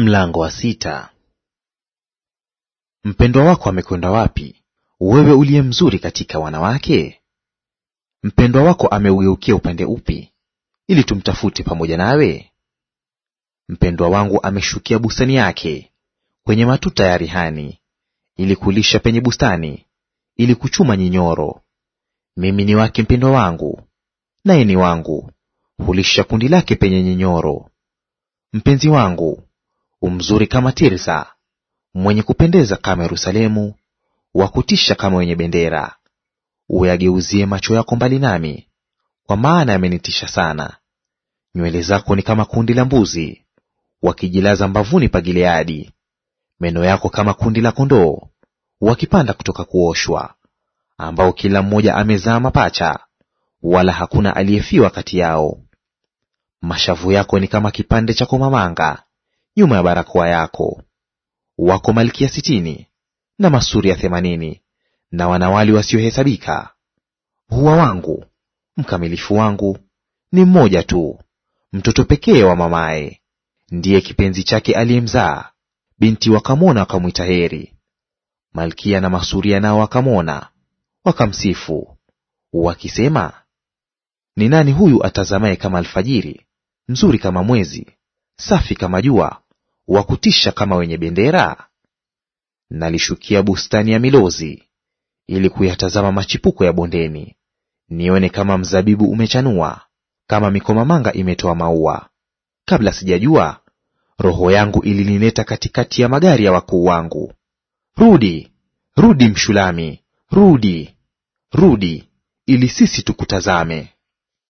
Mlango wa sita. Mpendwa wako amekwenda wapi, wewe uliye mzuri katika wanawake? Mpendwa wako ameugeukia upande upi, ili tumtafute pamoja nawe? Mpendwa wangu ameshukia bustani yake, kwenye matuta ya rihani, ili kulisha penye bustani, ili kuchuma nyinyoro. Mimi ni wake mpendwa wangu, naye ni wangu; hulisha kundi lake penye nyinyoro. Mpenzi wangu umzuri kama Tirsa, mwenye kupendeza kama Yerusalemu, wa kutisha kama wenye bendera. Uyageuzie macho yako mbali nami, kwa maana yamenitisha sana. Nywele zako ni kama kundi la mbuzi wakijilaza mbavuni pa Gileadi, meno yako kama kundi la kondoo wakipanda kutoka kuoshwa, ambao kila mmoja amezaa mapacha, wala hakuna aliyefiwa kati yao. Mashavu yako ni kama kipande cha komamanga nyuma ya barakoa yako. Wako malkia sitini na masuria themanini na wanawali wasiohesabika. Hua wangu mkamilifu wangu ni mmoja tu, mtoto pekee wa mamaye, ndiye kipenzi chake aliyemzaa. Binti wakamwona wakamwita heri. Malkia na masuria nao wakamwona wakamsifu, wakisema, ni nani huyu atazamaye kama alfajiri, mzuri kama mwezi, safi kama jua, wa kutisha kama wenye bendera? Nalishukia bustani ya milozi ili kuyatazama machipuko ya bondeni, nione kama mzabibu umechanua, kama mikomamanga imetoa maua. Kabla sijajua, roho yangu ilinileta katikati ya magari ya wakuu wangu. Rudi, rudi Mshulami, rudi, rudi, ili sisi tukutazame.